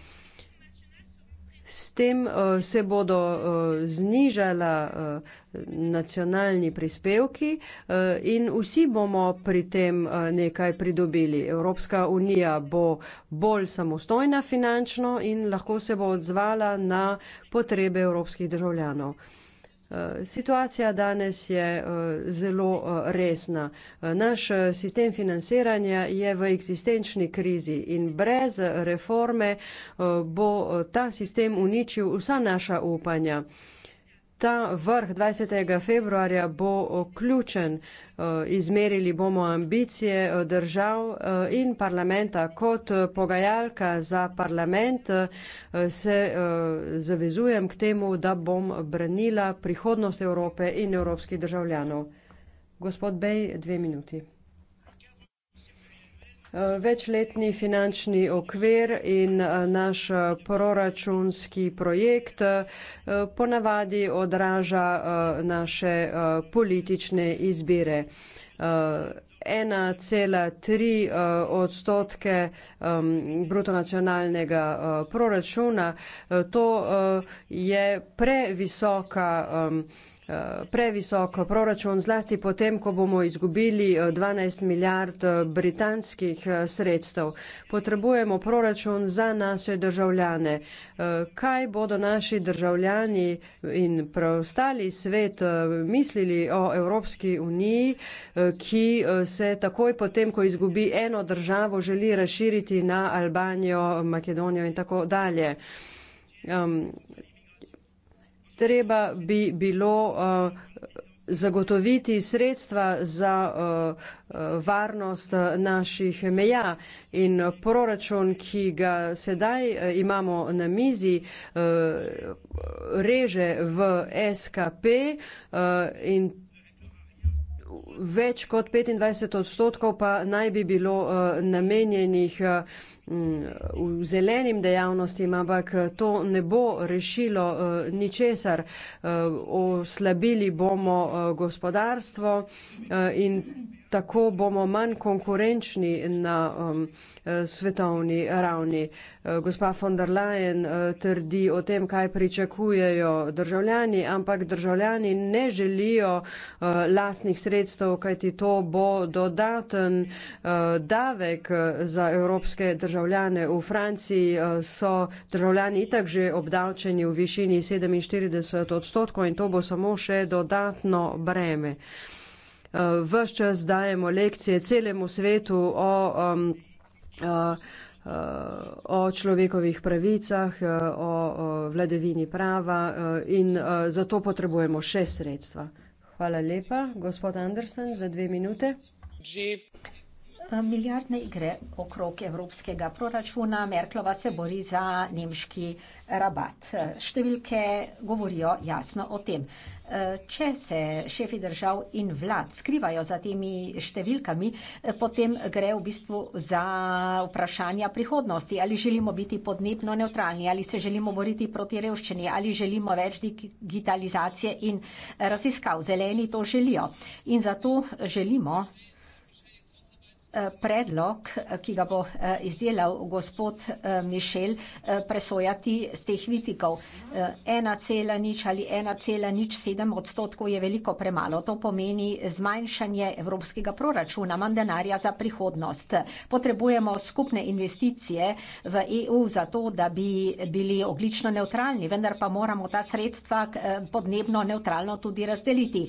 S tem uh, se bodo uh, znižala uh, nacionalni prispevki uh, in vsi bomo pri tem uh, nekaj pridobili. Evropska unija bo bolj samostojna finančno in lahko se bo odzvala na potrebe evropskih državljanov. Uh, Eh, situacija danes je eh, zelo eh, resna. Naš sistem financiranja je v eksistenčni krizi in brez reforme bo ta sistem uničil vsa naša upanja. Ta vrh 20. februarja bo ključen, eh, izmerili bomo ambicije eh, držav eh, in parlamenta. Kot pogajalka za parlament se zavezujem k temu, da bom branila prihodnost Evrope in evropskih državljanov. Gospod Bej, dve minuti. Večletni finančni okvir in eh, naš eh, proračunski projekt eh, ponavadi odraža naše politične izbire. 1,3 odstotke ehm, brutonacionalnega proračuna, to je previsoka odstotka ehm, Eh, previsok proračun, zlasti potem, ko bomo izgubili 12 eh, milijard eh, britanskih sredstev. Potrebujemo proračun za naše državljane. Kaj bodo naši državljani in preostali svet mislili o Evropski uniji, ki se takoj potem, ko izgubi eno državo, želi razširiti na Albanijo, Makedonijo in tako dalje? treba bi bilo eh, zagotoviti sredstva za eh, varnost eh, naših meja in proračun, ki ga sedaj imamo na mizi, reže v SKP in več kot 25 odstotkov pa naj bi bilo namenjenih v zelenim dejavnostim, ampak eh, to ne bo rešilo eh, ničesar. Eh, oslabili bomo gospodarstvo in tako bomo manj konkurenčni na um, eh, svetovni ravni. Eh, gospa von der Leyen eh, trdi o tem, kaj pričakujejo državljani, ampak državljani ne želijo uh, lastnih sredstev, kajti to bo dodaten uh, davek za evropske državljane. V Franciji uh, so državljani itak že obdavčeni v višini 47 odstotkov in to bo samo še dodatno breme. Eh, vse čas dajemo lekcije celemu svetu o, um, eh, eh, o človekovih pravicah, o, o vladavini prava in zato potrebujemo še sredstva. Hvala lepa, gospod Andersen, za dve minute. Milijardne igre okrog evropskega proračuna, Merklova se bori za nemški rabat. Številke govorijo jasno o tem. E, če se šefi držav in vlad skrivajo za temi številkami, e, potem gre v bistvu za vprašanja prihodnosti. Ali želimo biti podnebno neutralni, ali se želimo boriti proti revščini, ali želimo več digitalizacije in raziskav. Zeleni to želijo. In zato želimo predlog, ki ga bo eh, izdelal gospod eh, Mišel, eh, presojati z teh vitikov. Ena cela nič ali ena cela nič sedem odstotkov je veliko premalo. To pomeni zmanjšanje evropskega proračuna, manj denarja za prihodnost. Potrebujemo skupne investicije v EU za to, da bi bili oglično neutralni, vendar pa moramo ta sredstva podnebno neutralno tudi razdeliti.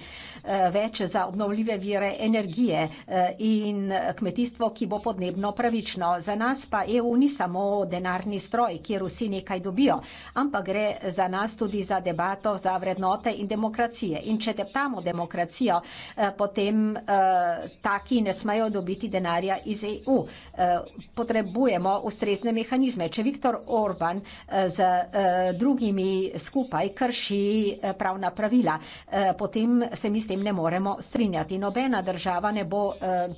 Več za obnovljive vire energije in kmetijstva kmetijstvo, ki bo podnebno pravično. Za nas pa EU ni samo denarni stroj, kjer vsi nekaj dobijo, ampak gre za nas tudi za debato, za vrednote in demokracije. In če teptamo demokracijo, eh, potem eh, taki ne smejo dobiti denarja iz EU. Eh, potrebujemo ustrezne mehanizme. Če Viktor Orban z drugimi skupaj krši pravna pravila, potem se mi s tem ne moremo strinjati. Nobena država ne bo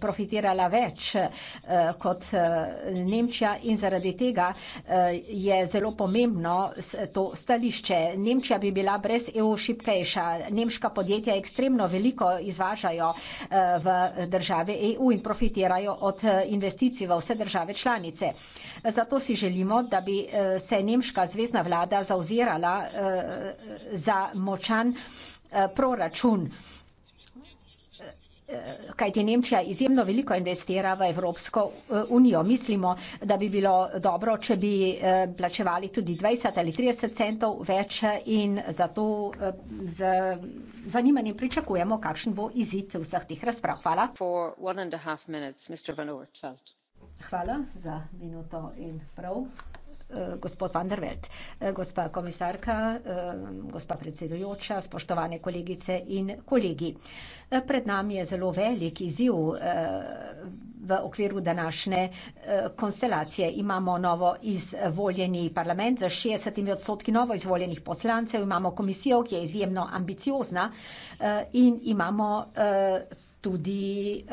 profitirala več več uh, kot uh, Nemčija in zaradi tega uh, je zelo pomembno to stališče. Nemčija bi bila brez EU šipkejša. Nemška podjetja ekstremno veliko izvažajo uh, v države EU in profitirajo od uh, investicij v vse države članice. Zato si želimo, da bi uh, se Nemška zvezdna vlada zauzirala uh, za močan uh, proračun. Uh, Eh, kajti Nemčija izjemno veliko investira v Evropsko eh, unijo. Mislimo, da bi bilo dobro, če bi eh, plačevali tudi 20 ali 30 centov več in zato z zanimanjem pričakujemo, kakšen bo izid vseh teh razprav. Hvala. Hvala za minuto in prav. Eh, gospod van der Welt, eh, gospa komisarka, eh, gospa predsedujoča, spoštovane kolegice in kolegi. Pred nami je zelo velik izziv v okviru današnje konstelacije. Imamo novo izvoljeni parlament za 60 odstotki novo izvoljenih poslancev, imamo komisijo, ki je izjemno ambiciozna in imamo tudi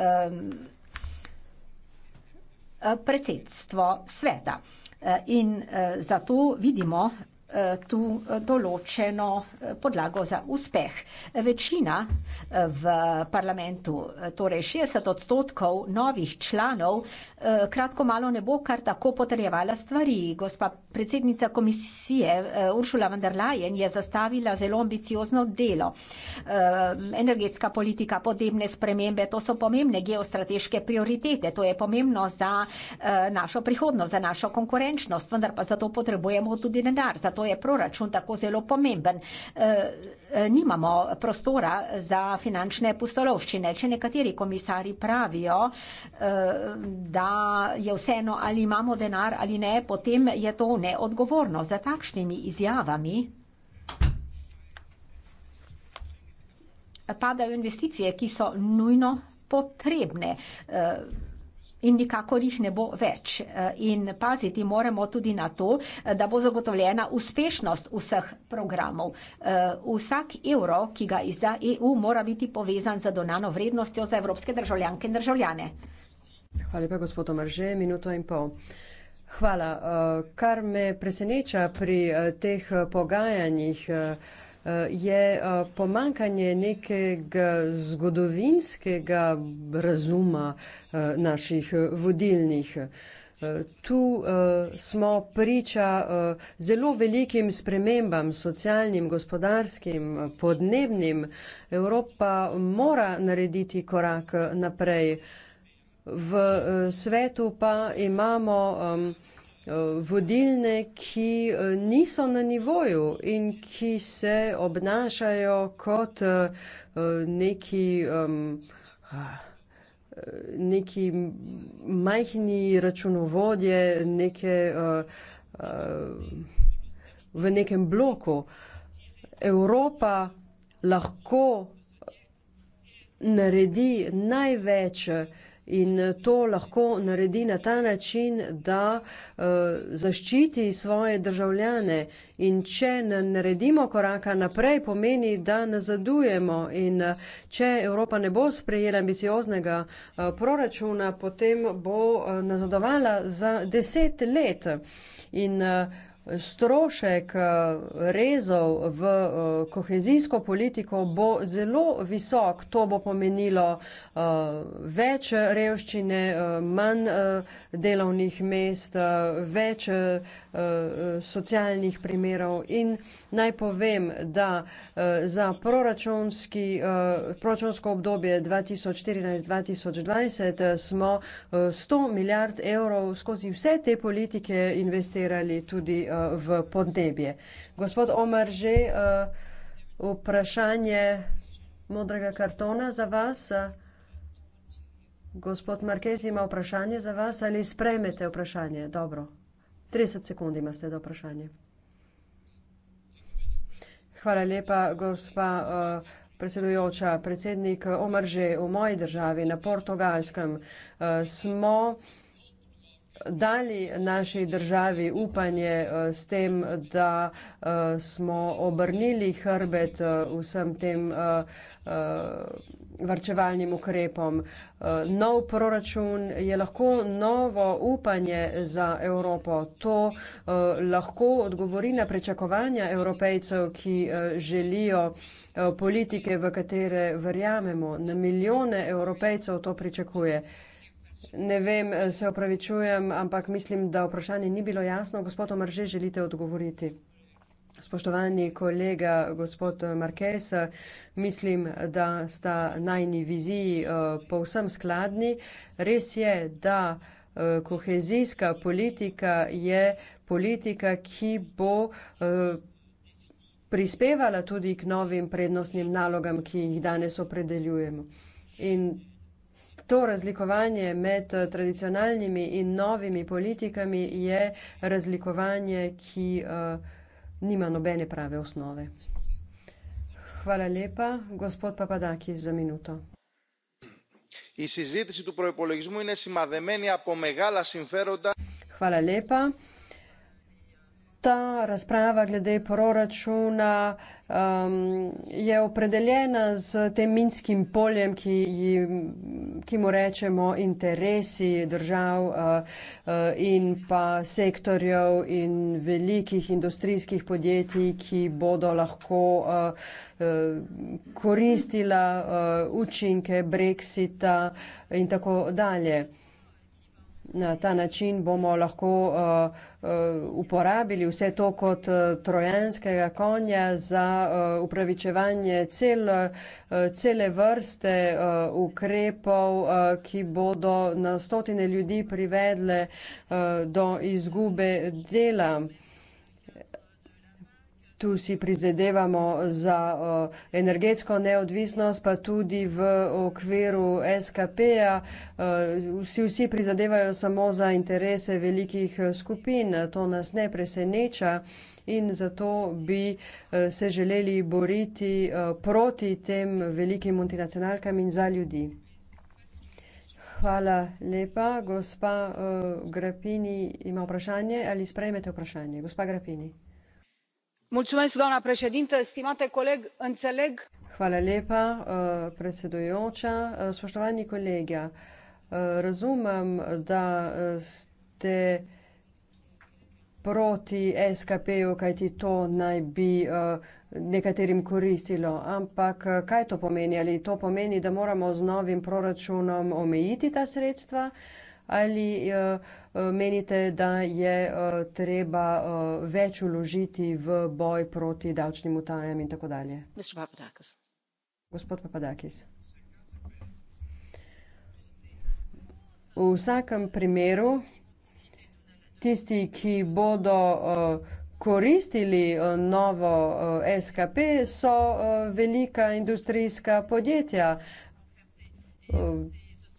predsedstvo sveta. Eh, in eh, zato vidimo, Eh, tu eh, določeno eh, podlago za uspeh. Večina v parlamentu, torej 60 odstotkov novih članov, kratko malo ne bo kar tako potrjevala stvari. Gospa predsednica komisije Uršula von der Leyen je zastavila zelo ambiciozno delo. Energetska politika, podnebne spremembe, to so pomembne geostrateške prioritete, to je pomembno za našo prihodnost, za našo konkurenčnost, vendar pa za to potrebujemo tudi denar. Zato zato je proračun tako zelo pomemben. Eh, eh, nimamo prostora za finančne pustolovščine. Če nekateri komisari pravijo, eh, da je vseeno ali imamo denar ali ne, potem je to neodgovorno za takšnimi izjavami. Padajo investicije, ki so nujno potrebne. Uh in nikakor jih ne bo več. Eh, in paziti moramo tudi na to, eh, da bo zagotovljena uspešnost vseh programov. Eh, vsak evro, ki ga izda EU, mora biti povezan z donano vrednostjo za evropske državljanke in državljane. Hvala lepa, gospod Omarže, minuto in pol. Hvala. Kar me preseneča pri teh pogajanjih, je eh, pomankanje nekega zgodovinskega razuma eh, naših eh, vodilnih. Tu smo priča zelo velikim spremembam, socialnim, gospodarskim, podnebnim. Evropa mora narediti korak naprej. V svetu pa imamo um, Eh, vodilne, ki eh, niso na nivoju in ki se obnašajo kot eh, neki, neki majhni računovodje neke, v nekem bloku. Evropa lahko naredi največ, In eh, to lahko naredi na ta način, da uh, zaščiti svoje državljane. In če ne naredimo koraka naprej, pomeni, da nazadujemo. In uh, če Evropa ne bo sprejela ambicioznega uh, proračuna, potem bo uh, nazadovala za deset let. In, uh, strošek eh, rezov v eh, kohezijsko politiko bo zelo visok. To bo pomenilo eh, več revščine, manj delovnih mest, več socialnih primerov in naj povem, da za proračunsko obdobje 2014-2020 smo 100 milijard evrov skozi vse te politike investirali tudi Eh, v podnebje. Gospod Omar, že eh, vprašanje modrega kartona za vas. Gospod Markez ima vprašanje za vas, ali sprejmete vprašanje? Dobro. 30 sekund imate do vprašanja. Hvala lepa, gospa eh, predsedujoča, predsednik Omar, že v moji državi na Portugalskem smo dali naši državi upanje eh, s tem, da eh, smo obrnili hrbet eh, vsem tem varčevalnim ukrepom. Nov proračun je lahko novo upanje za Evropo. To lahko odgovori na pričakovanja evropejcev, ki želijo politike, v katere verjamemo. Na milijone evropejcev to pričakuje. Ne vem, eh, se opravičujem, ampak mislim, da vprašanje ni bilo jasno. Gospod Omar, že želite odgovoriti? Spoštovani kolega, gospod Marques, mislim, da sta najni viziji eh, povsem skladni. Res je, da eh, kohezijska politika je politika, ki bo prispevala tudi k novim prednostnim nalogam, ki jih danes opredeljujemo. In to razlikovanje med eh, tradicionalnimi in novimi politikami je razlikovanje, ki eh, nima nobene prave osnove. Hvala lepa. Gospod Papadakis za minuto. Hvala lepa ta razprava glede proračuna um, je opredeljena z tem minskim poljem, ki, ki mu rečemo interesi držav uh, uh, in pa sektorjev in velikih industrijskih podjetij, ki bodo lahko uh, uh, koristila uh, učinke Brexita in tako dalje. Na ta način bomo lahko uh, uh, uporabili vse to kot uh, trojanskega konja za uh, upravičevanje cel, uh, cele vrste uh, ukrepov, uh, ki bodo na stotine ljudi privedle uh, do izgube dela. Tu si prizadevamo za uh, energetsko neodvisnost, pa tudi v okviru SKP-ja. Uh, vsi, vsi prizadevajo samo za interese velikih e, skupin, to nas ne preseneča in zato bi uh, se želeli boriti uh, proti tem velikim multinacionalkam in za ljudi. Hvala lepa. Gospa uh, Grapini ima vprašanje ali sprejmete vprašanje? Gospa Grapini doamnă președintă stimate coleg înțeleg. Hvala lepa, uh, predsedujoča. Uh, spoštovani kolegi, uh, razumem, da ste proti SKP-ju, kajti to naj bi nekaterim koristilo. Ampak kaj to pomeni? Ali to pomeni, da moramo z novim proračunom omejiti ta sredstva ali Eh, menite, da je eh, treba eh, več uložiti v boj proti davčnim utajam in tako dalje? Gospod Papadakis. V vsakem primeru tisti, ki bodo koristili novo SKP, so velika industrijska podjetja.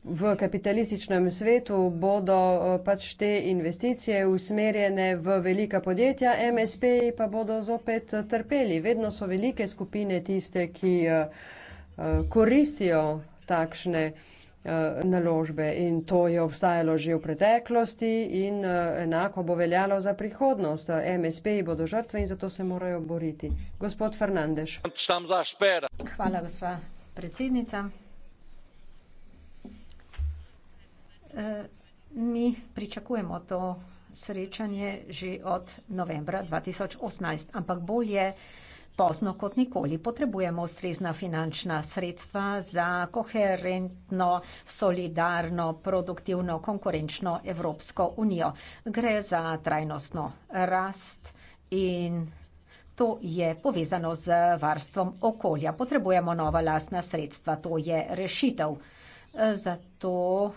V kapitalističnem svetu bodo eh, pač te investicije usmerjene v velika podjetja, MSP pa bodo zopet eh, trpeli. Vedno so velike skupine tiste, ki eh, koristijo takšne naložbe in to je obstajalo že v preteklosti in enako bo veljalo za prihodnost. MSP bodo žrtve in zato se morajo boriti. Gospod Fernandeš. Hvala, gospa predsednica. Mi pričakujemo to srečanje že od novembra 2018, ampak bolje pozno kot nikoli. Potrebujemo ustrezna finančna sredstva za koherentno, solidarno, produktivno, konkurenčno Evropsko unijo. Gre za trajnostno rast in. To je povezano z varstvom okolja. Potrebujemo nova lasna sredstva. To je rešitev. Zato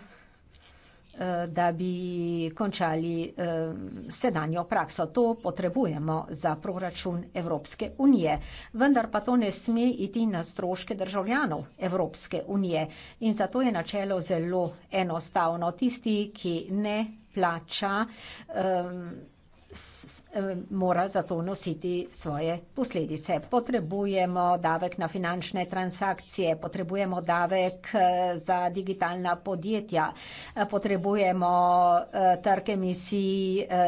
Eh, da bi končali eh, sedanjo prakso. To potrebujemo za proračun Evropske unije. Vendar pa to ne sme iti na stroške državljanov Evropske unije. In zato je načelo zelo enostavno. Tisti, ki ne plača eh, Eh, mora zato nositi svoje posledice. Potrebujemo davek na finančne transakcije, potrebujemo davek eh, za digitalna podjetja, eh, potrebujemo trg emisij.